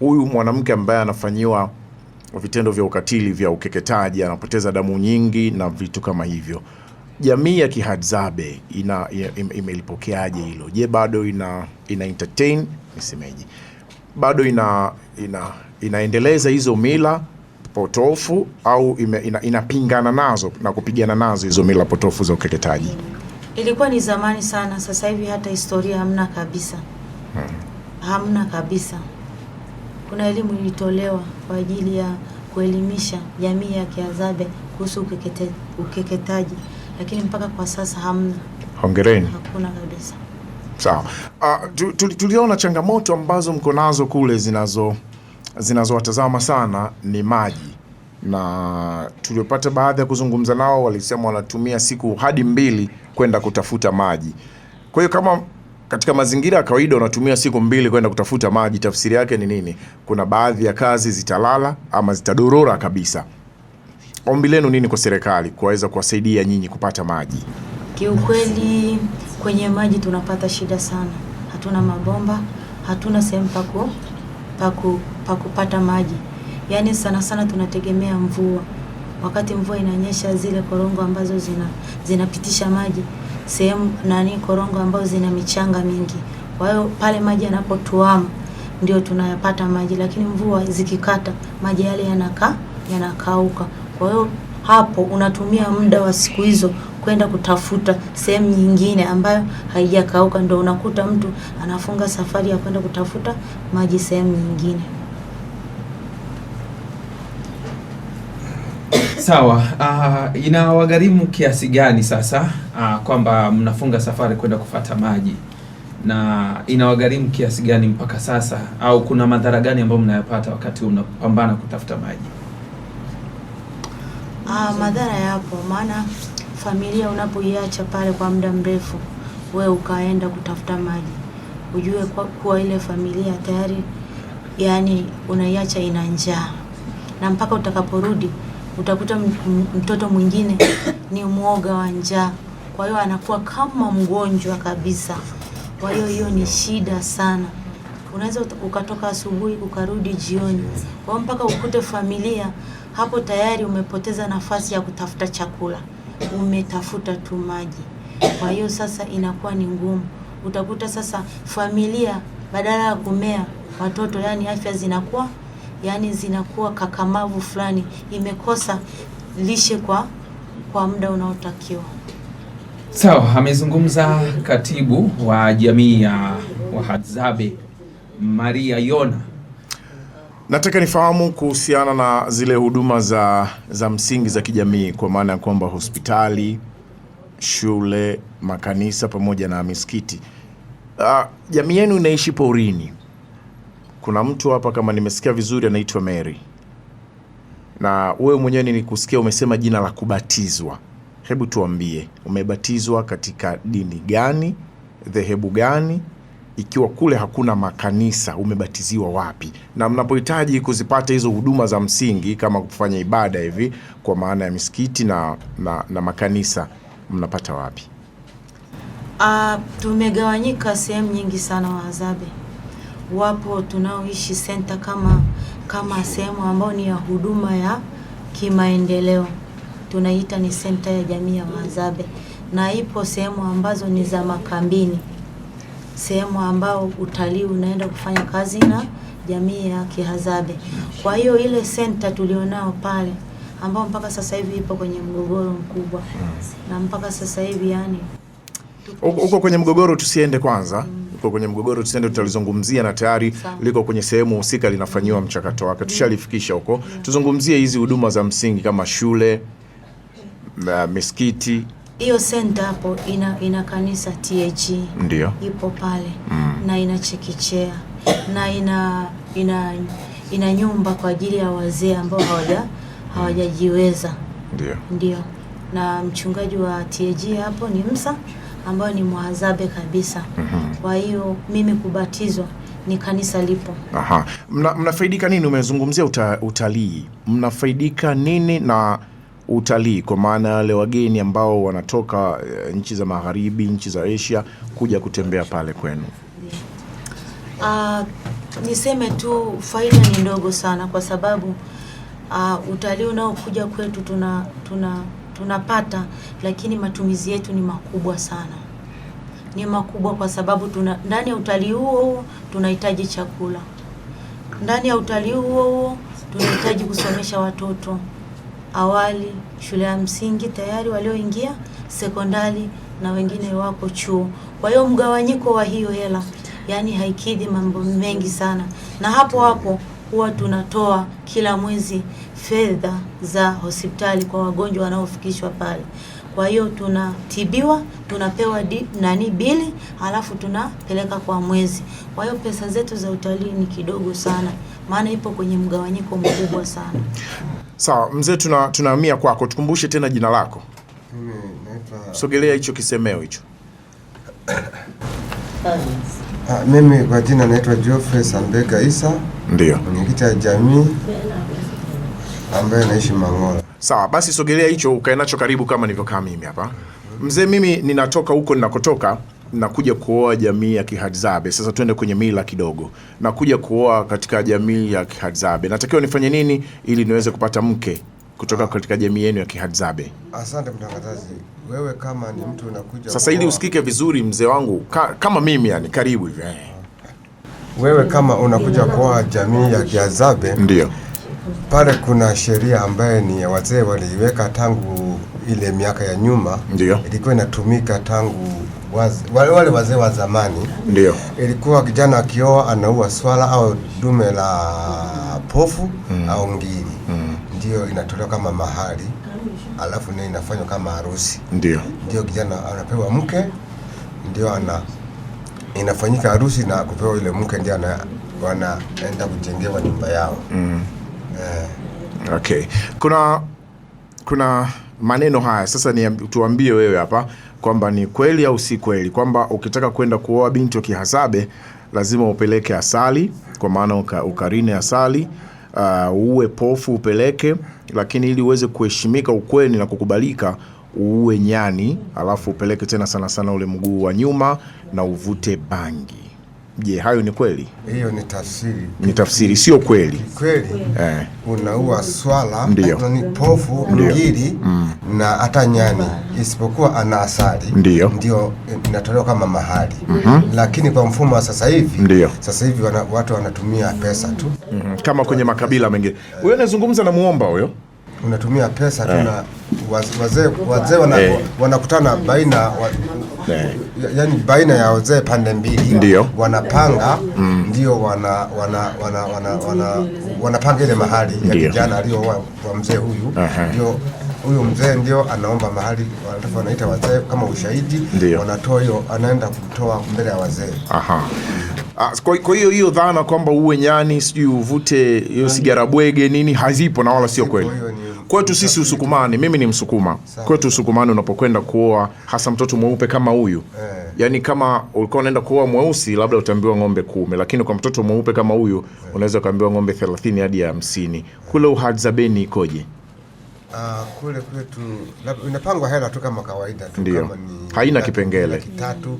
huyu mwanamke ambaye anafanyiwa vitendo vya ukatili vya ukeketaji, anapoteza damu nyingi na vitu kama hivyo. Jamii ya Kihadzabe ina, imelipokeaje hilo? Je, bado ina, ina entertain nisemeje, bado ina, ina inaendeleza hizo mila potofu au inapingana ina, inapingana nazo na kupigana nazo hizo mila potofu za ukeketaji? Ilikuwa ni zamani sana, sasa hivi hata historia hamna kabisa, hmm. hamna kabisa kuna elimu ilitolewa kwa ajili ya kuelimisha jamii ya Kiazabe kuhusu ukekete, ukeketaji, lakini mpaka kwa sasa hamna. Hongereni. Hakuna kabisa. Sawa. Uh, tuliona changamoto ambazo mko nazo kule zinazo zinazowatazama sana ni maji, na tuliopata baadhi ya kuzungumza nao walisema wanatumia siku hadi mbili kwenda kutafuta maji. Kwa hiyo kama katika mazingira ya kawaida unatumia siku mbili kwenda kutafuta maji. Tafsiri yake ni nini? Kuna baadhi ya kazi zitalala ama zitadorora kabisa. Ombi lenu nini kwa serikali kuweza kuwasaidia nyinyi kupata maji? Kiukweli kwenye maji tunapata shida sana, hatuna mabomba, hatuna sehemu paku paku pakupata maji, yaani sana sana tunategemea mvua. Wakati mvua inanyesha, zile korongo ambazo zina zinapitisha maji sehemu nani korongo ambazo zina michanga mingi. Kwa hiyo pale maji yanapotuama ndio tunayapata maji, lakini mvua zikikata maji yale yanakaa yanakauka. Kwa hiyo hapo unatumia muda wa siku hizo kwenda kutafuta sehemu nyingine ambayo haijakauka, ndio unakuta mtu anafunga safari ya kwenda kutafuta maji sehemu nyingine. Sawa. Uh, inawagharimu kiasi gani sasa uh, kwamba mnafunga safari kwenda kufata maji na inawagharimu kiasi gani mpaka sasa, au kuna madhara gani ambayo mnayapata wakati unapambana kutafuta maji? Uh, madhara yapo, maana familia unapoiacha pale kwa muda mrefu, we ukaenda kutafuta maji, ujue kwa kuwa ile familia tayari, yani unaiacha ina njaa, na mpaka utakaporudi Utakuta mtoto mwingine ni mwoga wa njaa, kwa hiyo anakuwa kama mgonjwa kabisa. Kwa hiyo hiyo ni shida sana, unaweza ukatoka asubuhi ukarudi jioni, kwa mpaka ukute familia hapo tayari umepoteza nafasi ya kutafuta chakula, umetafuta tu maji. Kwa hiyo sasa inakuwa ni ngumu, utakuta sasa familia badala ya kumea watoto, yani afya zinakuwa yani zinakuwa kakamavu fulani, imekosa lishe kwa kwa muda unaotakiwa. Sawa, so, amezungumza katibu wa jamii ya Wahadzabe Maria Yona. Nataka nifahamu kuhusiana na zile huduma za, za msingi za kijamii kwa maana ya kwamba hospitali, shule, makanisa pamoja na misikiti. Uh, jamii yenu inaishi porini kuna mtu hapa kama nimesikia vizuri anaitwa Mary, na wewe mwenyewe nilikusikia umesema jina la kubatizwa. Hebu tuambie umebatizwa katika dini gani, dhehebu gani? Ikiwa kule hakuna makanisa, umebatiziwa wapi? Na mnapohitaji kuzipata hizo huduma za msingi kama kufanya ibada hivi kwa maana ya misikiti na, na, na makanisa mnapata wapi? Uh, tumegawanyika sehemu nyingi sana Wahadzabe wapo tunaoishi senta kama kama sehemu ambayo ni ya huduma ya kimaendeleo, tunaita ni senta ya jamii ya Wahadzabe, na ipo sehemu ambazo ni za makambini, sehemu ambao utalii unaenda kufanya kazi na jamii ya Kihadzabe. Kwa hiyo ile senta tulionao pale ambao mpaka sasa hivi ipo kwenye mgogoro mkubwa, hmm. na mpaka sasa hivi yani huko kwenye mgogoro, tusiende kwanza mm liko kwenye mgogoro, tusende tutalizungumzia, na tayari liko kwenye sehemu husika linafanyiwa mchakato wake, mm. tushalifikisha huko. Mm. Tuzungumzie hizi huduma za msingi kama shule na uh, misikiti. Hiyo senta hapo ina, ina kanisa TAG e. ndio ipo pale mm. na ina na ina, ina, ina nyumba kwa ajili ya wazee ambao hawaja hawajajiweza ndio, na mchungaji wa TAG e hapo ni Msa ambayo ni mwaadhabe kabisa. mm -hmm. Kwa hiyo mimi kubatizwa ni kanisa lipo. Aha. Mna, mnafaidika nini? Umezungumzia uta, utalii mnafaidika nini na utalii kwa maana ya wale wageni ambao wanatoka eh, nchi za magharibi, nchi za Asia kuja kutembea pale kwenu? Uh, niseme tu faida ni ndogo sana, kwa sababu uh, utalii unaokuja kwetu tuna, tuna tunapata, lakini matumizi yetu ni makubwa sana, ni makubwa kwa sababu tuna ndani ya utalii huo huo tunahitaji chakula, ndani ya utalii huo huo tunahitaji kusomesha watoto awali, shule ya msingi tayari walioingia sekondari na wengine wako chuo. Kwa hiyo mgawanyiko wa hiyo hela yani haikidhi mambo mengi sana, na hapo hapo huwa tunatoa kila mwezi fedha za hospitali kwa wagonjwa wanaofikishwa pale. Kwa hiyo tunatibiwa, tunapewa di, nani bili, halafu tunapeleka kwa mwezi. Kwa hiyo pesa zetu za utalii ni kidogo sana, maana ipo kwenye mgawanyiko mkubwa sana. Sawa mzee, tuna tunahamia kwako, tukumbushe tena jina lako. Sogelea hicho kisemeo hicho. Ah, mimi kwa jina naitwa Geoffrey Sambega Isa. Ndio. Mwenyekiti wa jamii ambaye anaishi Mang'ola. Sawa, basi sogelea hicho ukae nacho karibu kama nilivyokaa mimi hapa. Mzee, mimi ninatoka huko ninakotoka nakuja kuoa jamii ya Kihadzabe. Sasa twende kwenye mila kidogo. Nakuja kuoa katika jamii ya Kihadzabe. Natakiwa nifanye nini ili niweze kupata mke? kutoka katika jamii yenu ya Kihadzabe. Asante mtangazaji. Wewe kama ni mtu unakuja sasa, ili usikike vizuri mzee wangu ka, kama mimi yani, karibu hivyo. Wewe kama unakuja kwa jamii ya Kihadzabe, ndio pale kuna sheria ambaye ni wazee waliiweka tangu ile miaka ya nyuma, ndio ilikuwa inatumika tangu wale, wale wazee wa zamani, ndio ilikuwa kijana akioa anaua swala au dume la pofu mm, au ngiri ndio inatolewa kama mahari, alafu ndio inafanywa kama harusi. Ndio ndio kijana anapewa mke, ndio ana inafanyika harusi na kupewa ile mke, ndio wanaenda kujengewa nyumba yao mm. eh. Okay, kuna kuna maneno haya sasa, ni tuambie wewe hapa kwamba ni kweli au si kweli kwamba ukitaka kwenda kuoa binti wa Kihasabe lazima upeleke asali, kwa maana ukarine asali uh, uwe pofu upeleke, lakini ili uweze kuheshimika ukweni na kukubalika uwe nyani, alafu upeleke tena sana sana ule mguu wa nyuma na uvute bangi. Je, hayo ni kweli? Hiyo ni tafsiri, ni tafsiri, sio kweli. Kweli eh, unaua swala ni pofu ngiri mm. na hata nyani, isipokuwa ana asali ndio ndio eh, inatolewa kama mahali mm -hmm. Lakini kwa mfumo wa sasa hivi ndio sasa hivi wana, watu wanatumia pesa tu mm -hmm. kama kwenye makabila mengine. Huyo anazungumza na muomba huyo unatumia pesa tuna eh. wazee wazee eh. wanakutana baina Eh. yani baina ya wazee pande mbili ndio wanapanga mm. ndio wana, wana, wana, wana, wana, wanapanga ile mahali ya kijana aliyo wa, mzee huyu ndio huyu mzee ndio anaomba mahali wanaita wazee kama ushahidi, wanatoa hiyo, anaenda kutoa mbele ya wazee. Aha. Ah, kwa hiyo hiyo dhana kwamba uwe nyani sijui uvute hiyo sigara bwege nini hazipo na wala sio kweli. Kwetu sisi Usukumani, mimi ni Msukuma, kwetu Usukumani unapokwenda kuoa hasa mtoto mweupe kama huyu eh, yani kama ulikuwa unaenda kuoa mweusi labda utaambiwa ng'ombe kumi, lakini kwa mtoto mweupe kama huyu eh, unaweza ukaambiwa ng'ombe 30 hadi ya 50. Kule uhadzabeni ikoje? Uh, kule tu inapangwa hela tu kama kawaida tu, kama ni haina kipengele kitatu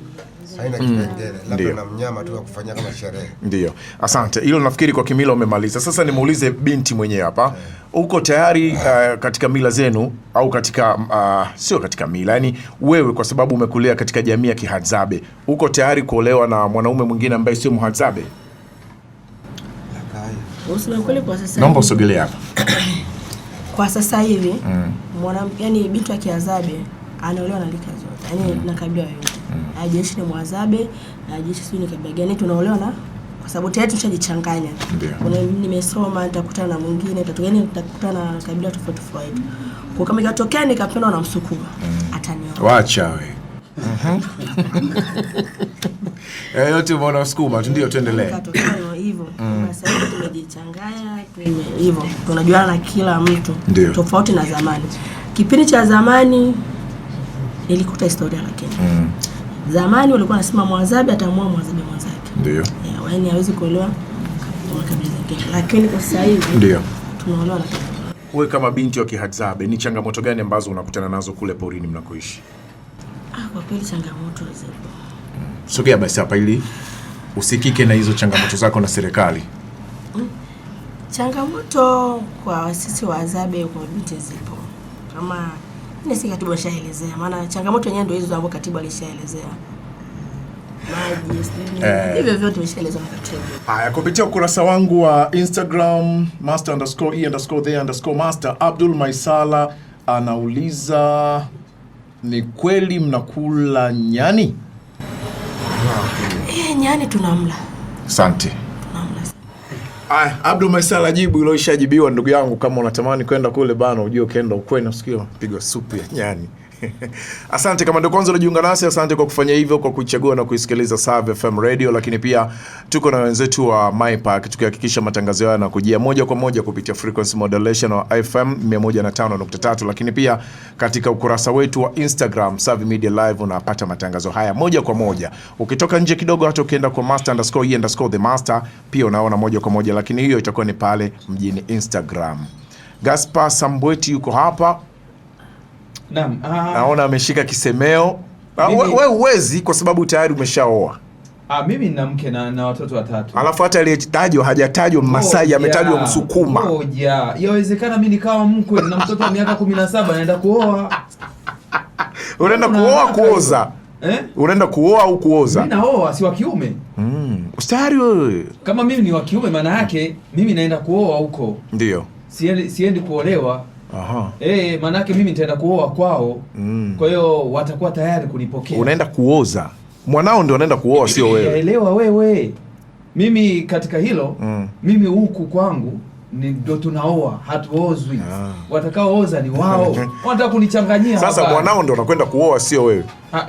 haina mm. kipengele mm. labda na mnyama tu kufanyia kama sherehe. Ndio, asante. Hilo nafikiri kwa kimila umemaliza. Sasa nimuulize binti mwenyewe hapa, eh. uko tayari uh, katika mila zenu au katika uh, sio katika mila, yani wewe kwa sababu umekulea katika jamii ya Kihadzabe, uko tayari kuolewa na mwanaume mwingine ambaye sio Mhadzabe? Naomba usogelee hapa. Kwa sasa hivi mm. mwanamke, yani binti wa Kihadzabe anaolewa na rika zote, yani mm. na kabila yoyote mm. jeshi ni Mwazabe, na jeshi sio ni kabila gani, tunaolewa na kwa sababu tayari tushajichanganya. Kuna nimesoma nitakutana na mwingine tatugani nitakutana na kabila tofauti tofauti. Kwa kama ikatokea nikapendwa na Msukuma mm. atanioa. Wacha wewe. Mhm. Eh, yote umeona Msukuma ndio tuendelee. Hivyo. Mm. Sasa hivi tumejichanganya hivyo. Tunajuana na kila mtu tofauti na zamani. Kipindi cha zamani nilikuta historia lakini. Mm. Zamani walikuwa wanasema mwazabi atamua mwazabi mwenzake. Ndio. Yeah, yaani hawezi kuolewa kwa kabila zingine. Lakini kwa sasa hivi ndio tunaolewa na wewe kama binti wa Kihadzabe, ni changamoto gani ambazo unakutana nazo kule porini mnakoishi? Ah, kwa kweli changamoto zipo. Mm. Sogea basi hapa ili usikike na hizo changamoto zako na serikali. Mm. Changamoto kwa sisi Wahadzabe kwa binti zipo. Kama ni si katibu alishaelezea, maana changamoto yenyewe ndio hizo ambazo katibu alishaelezea. Eh. Hivyo vyote vishaelezwa na katibu. Haya, kupitia ukurasa wangu wa Instagram master_e_the_master, e Abdul Maisala anauliza ni kweli mnakula nyani? Eh, nyani tunamla. Asante. Aya, abdu Maisala jibu hilo ndugu yangu, kama unatamani kwenda kule bana, ujue ukienda ukweni, nasikia pigwa supu ya nyani. Asante kama ndio kwanza unajiunga nasi, asante kwa kufanya hivyo, kwa kuchagua na kuisikiliza Save FM Radio, lakini pia tuko na wenzetu wa MyPack tukihakikisha matangazo yao yanakujia moja kwa moja kupitia frequency modulation wa FM 105.3, lakini pia katika ukurasa wetu wa Instagram Save Media Live unapata matangazo haya moja kwa moja. Ukitoka nje kidogo, hata ukienda kwa e master, pia unaona moja kwa moja, lakini hiyo itakuwa ni pale mjini Instagram. Gaspar Sambweti yuko hapa Naam, ah. naona ameshika kisemeo. Wewe ah, huwezi kwa sababu tayari umeshaoa. Ah, mimi nina mke na, na watoto watatu. Alafu hata aliyetajwa hajatajwa Mmasai oh, ametajwa yeah. Msukuma. Oh, yeah. Yawezekana mimi nikawa mkwe na mtoto wa miaka 17 naenda kuoa. Unaenda kuoa kuoza. Eh? Unaenda kuoa au kuoza? Mimi naoa si wa kiume. Mm. Ustari wewe. Kama mimi ni wa kiume maana yake mimi naenda kuoa huko. Ndio. Siendi siendi kuolewa. Eh, manake mimi nitaenda kuoa kwao. Mm. Kwa hiyo watakuwa tayari kunipokea. Unaenda kuoza. Mwanao ndio anaenda kuoa sio wewe. Elewa wewe. Mimi katika hilo mm. Mimi huku kwangu ni ndio tunaoa, hatuozwi. Ah. Watakaooza ni wao. Wanataka kunichanganyia. Sasa mwanao ndio anakwenda kuoa sio wewe.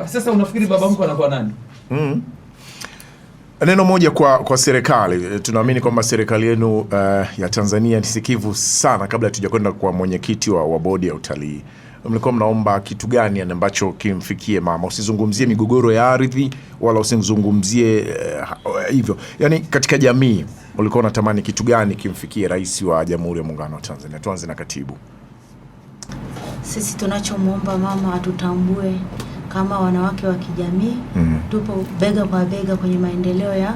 sasa unafikiri baba mko anakuwa nani? Mm. Neno moja kwa, kwa serikali. Eh, tunaamini kwamba serikali yenu uh, ya Tanzania ni sikivu sana. Kabla hatujakwenda kwa mwenyekiti wa, wa bodi ya utalii, mlikuwa mnaomba kitu gani ambacho kimfikie mama? Usizungumzie migogoro ya ardhi wala usizungumzie uh, hivyo, yaani katika jamii ulikuwa unatamani kitu gani kimfikie rais wa Jamhuri ya Muungano wa Tanzania? Tuanze na katibu. Sisi tunachomwomba mama atutambue kama wanawake wa kijamii mm. tupo bega kwa bega kwenye maendeleo ya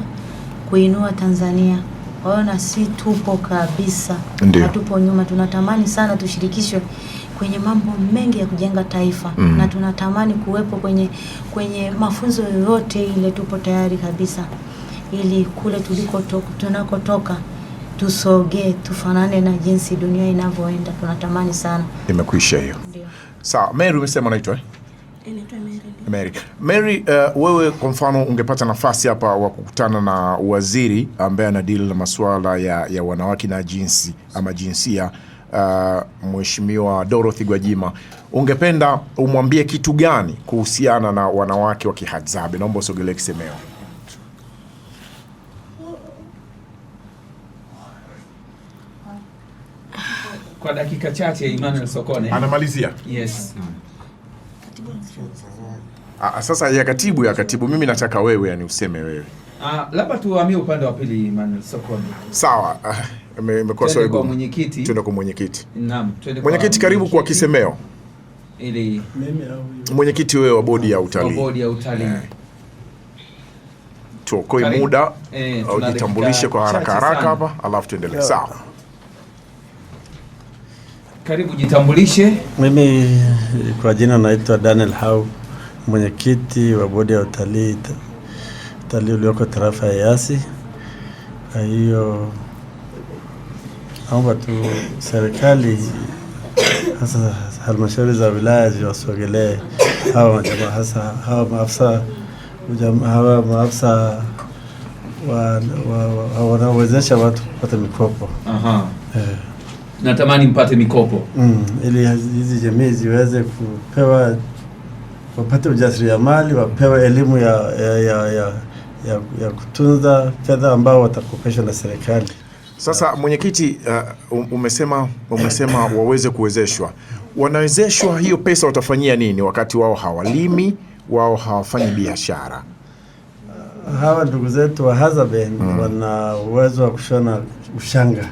kuinua Tanzania. Kwa hiyo na si tupo kabisa, hatupo nyuma. Tunatamani sana tushirikishwe kwenye mambo mengi ya kujenga taifa mm. na tunatamani kuwepo kwenye kwenye mafunzo yoyote ile, tupo tayari kabisa, ili kule tuliko tunakotoka tusogee, tufanane na jinsi dunia inavyoenda. Tunatamani sana. Imekwisha hiyo. Sawa, Mary umesema unaitwa eh? Mary, Mary uh, wewe kwa mfano ungepata nafasi hapa wa kukutana na waziri ambaye deal na masuala ya, ya wanawake na jinsi ama jinsia uh, Mheshimiwa Dorothy Gwajima, ungependa umwambie kitu gani kuhusiana na wanawake wa Kihadzabe? Naomba usogelee kisemeo. Kwa dakika chache Emmanuel Sokone anamalizia. Yes. Ah, ah, sasa ya katibu ya katibu, mimi nataka wewe yani useme wewe. Ah, labda tuhamie upande wa pili Emmanuel Sokoni. Sawa. Ah, Imekuwa swali kwa mwenyekiti. Tuende kwa mwenyekiti. Naam, tuende kwa mwenyekiti. Karibu kwa kisemeo. Ili mimi au mwenyekiti wewe wa bodi ya utalii. Bodi ya utalii. Eh. Tuokoe muda eh, ujitambulishe kwa haraka haraka hapa alafu tuendelee. Sawa. Karibu jitambulishe. Mimi kwa jina naitwa Daniel Hau mwenyekiti wa bodi ya utalii utalii ulioko tarafa ya Yasi. Kwa hiyo naomba tu serikali hasa halmashauri za wilaya ziwasogelee hawa majamaa, hasa hawa maafisa hawa maafisa wanaowezesha wa, wa, wa, watu kupata mikopo Aha. Eh. Natamani mpate mikopo mm, ili hizi jamii ziweze kupewa wapate ujasiriamali, wapewe elimu ya, ya, ya, ya, ya, ya kutunza fedha ambao watakopeshwa na serikali. Sasa mwenyekiti, uh, um, umesema umesema waweze kuwezeshwa. Wanawezeshwa, hiyo pesa watafanyia nini wakati wao hawalimi, wao hawafanyi biashara? Hawa ndugu zetu wa Hazabe mm. wana uwezo wa kushona ushanga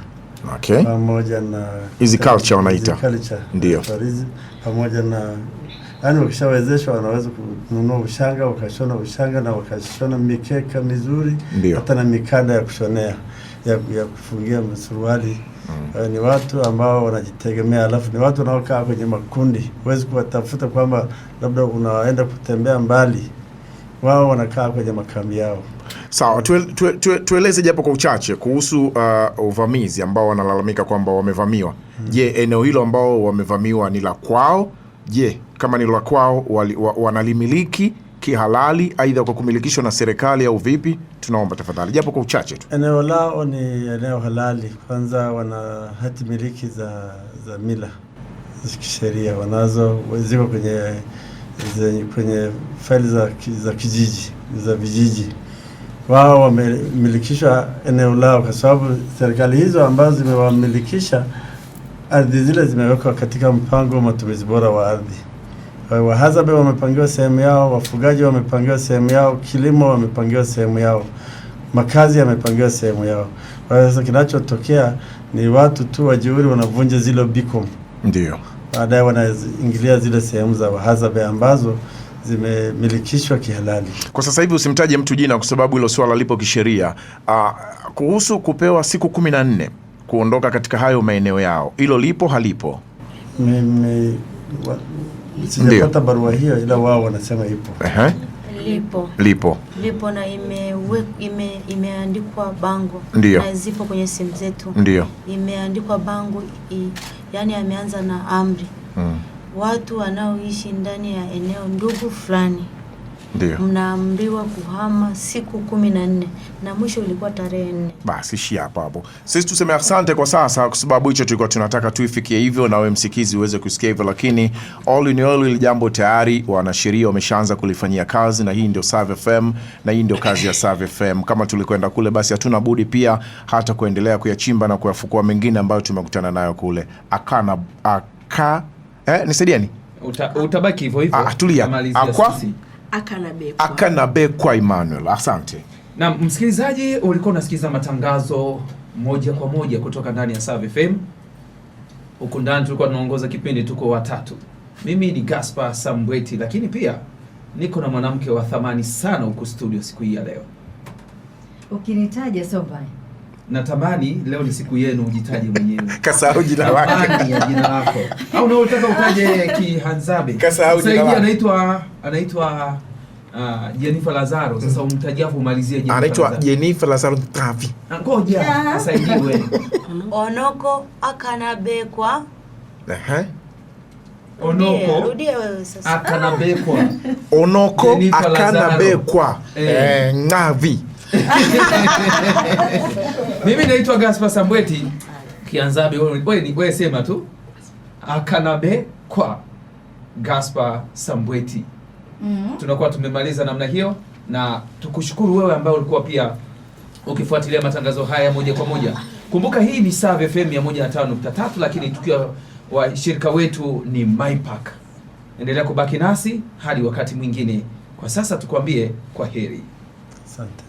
okay, pamoja na hizi culture wanaita, ndio pamoja na yaani ukishawezeshwa wanaweza kununua ushanga ukashona ushanga na wakashona mikeka mizuri Ndiyo. hata na mikanda ya kushonea ya, ya kufungia suruali mm. Uh, ni watu ambao wanajitegemea, alafu ni watu wanaokaa kwenye makundi. Huwezi kuwatafuta kwamba labda unaenda kutembea mbali, wao wanakaa kwenye makambi yao. Sawa, tueleze tue, tue, japo kwa uchache kuhusu uh, uvamizi ambao wanalalamika kwamba wamevamiwa. Mm. Je, mm. eneo hilo ambao wamevamiwa ni la kwao? Je, kama ni la kwao wa, wanalimiliki kihalali, aidha kwa kumilikishwa na serikali au vipi? Tunaomba tafadhali, japo kwa uchache tu. Eneo lao ni eneo halali, kwanza wana hati miliki za, za mila za kisheria wanazo, ziko kwenye kwenye faili za, za kijiji za vijiji. Wao wamemilikishwa eneo lao, kwa sababu serikali hizo ambazo zimewamilikisha ardhi zile zimewekwa katika mpango wa matumizi bora wa ardhi. Kwa wamepangiwa sehemu yao, wafugaji wamepangiwa sehemu yao, kilimo wamepangiwa sehemu yao, makazi yamepangiwa sehemu yao. Kwa hiyo sasa kinachotokea ni watu tu wajeuri wanavunja zile bikom, ndio baadaye wanaingilia zile sehemu za wahazabe ambazo zimemilikishwa kihalali. Kwa sasa hivi usimtaje mtu jina, kwa sababu hilo swala lipo kisheria. Uh, kuhusu kupewa siku kumi na nne kuondoka katika hayo maeneo yao, hilo lipo halipo? Mimi Sijapata barua hiyo, ila wao wanasema ipo. -huh. Lipo. Lipo. Lipo na imeandikwa ime, ime bango. Ndiyo. Na zipo kwenye simu zetu. Ndiyo. Imeandikwa bango i, yani ameanza na amri mm. Watu wanaoishi ndani ya eneo ndugu fulani ndio. Mnaambiwa kuhama siku kumi na nne na mwisho ulikuwa tarehe nne. Basi ishia hapo hapo. Sisi tuseme asante kwa sasa, kwa sababu hicho tulikuwa tunataka tuifikie hivyo, na wewe msikizi uweze kusikia hivyo, lakini all in all, ili jambo tayari wanasheria wameshaanza kulifanyia kazi, na hii ndio Save FM na hii ndio kazi ya Save FM. Kama tulikwenda kule, basi hatuna budi pia hata kuendelea kuyachimba na kuyafukua mengine ambayo tumekutana nayo kule akana aka, eh, nisaidieni utabaki hivyo hivyo, ah, tulia akwa Akanabekwa, Akanabekwa Emmanuel, asante. Na msikilizaji, ulikuwa unasikiza matangazo moja kwa moja kutoka ndani ya Save FM. Huku ndani tulikuwa tunaongoza kipindi, tuko watatu. Mimi ni Gaspar Sambweti, lakini pia niko na mwanamke wa thamani sana huku studio siku hii ya leo, ukinitaja Sombai natamani leo ni siku yenu ujitaje mwenyewe. Kasahau jina lako. jina lako. Au unataka utaje Kihanzabe. Kasahau jina lako. Anaitwa anaitwa Uh, Jennifer Lazaro mm. sasa umtajia hapo umalizie jina. Anaitwa Jennifer Lazaro Tavi. Ah, ngoja sasa hivi wewe. Onoko akanabekwa. Ehe. Onoko rudia wewe sasa. Akanabekwa. Onoko akanabekwa. Eh, ngavi. Eh, Mimi naitwa Gaspar Sambweti Kianzabe, wewe sema tu akanabe kwa Gaspar Sambweti. Mm -hmm. Tunakuwa tumemaliza namna hiyo, na tukushukuru wewe ambaye ulikuwa pia ukifuatilia matangazo haya moja kwa moja. Kumbuka hii ni Save FM 105.3, lakini tukiwa wa shirika wetu ni MyPark. Endelea kubaki nasi hadi wakati mwingine. Kwa sasa tukwambie kwa heri, asante.